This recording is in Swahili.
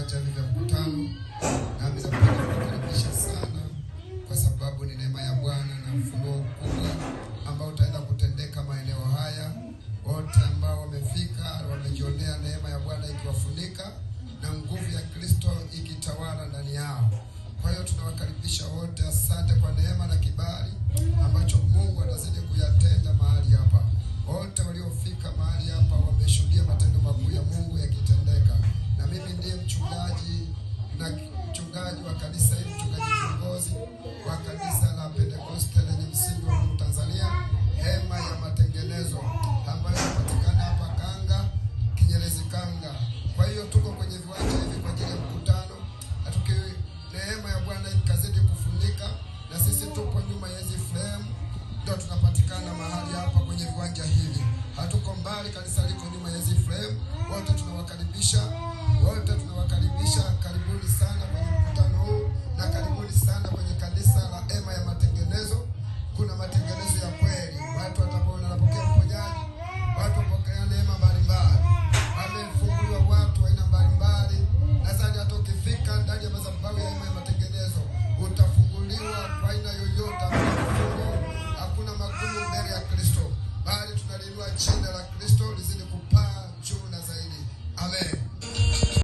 viwanja vya mkutano, nami napenda kukaribisha sana, kwa sababu ni neema ya Bwana na mfumo mkubwa ambao utaenda kutendeka maeneo haya. Wote ambao wamefika wamejionea neema ya Bwana ikiwafunika na nguvu ya Kristo ikitawala ndani yao. Kwa hiyo tunawakaribisha wote, asante kwa neema na kibali mahali kanisa liko Nyuma ya Zifrem. wote tunawakaribisha. Haleluya, jina la Kristo lizidi kupaa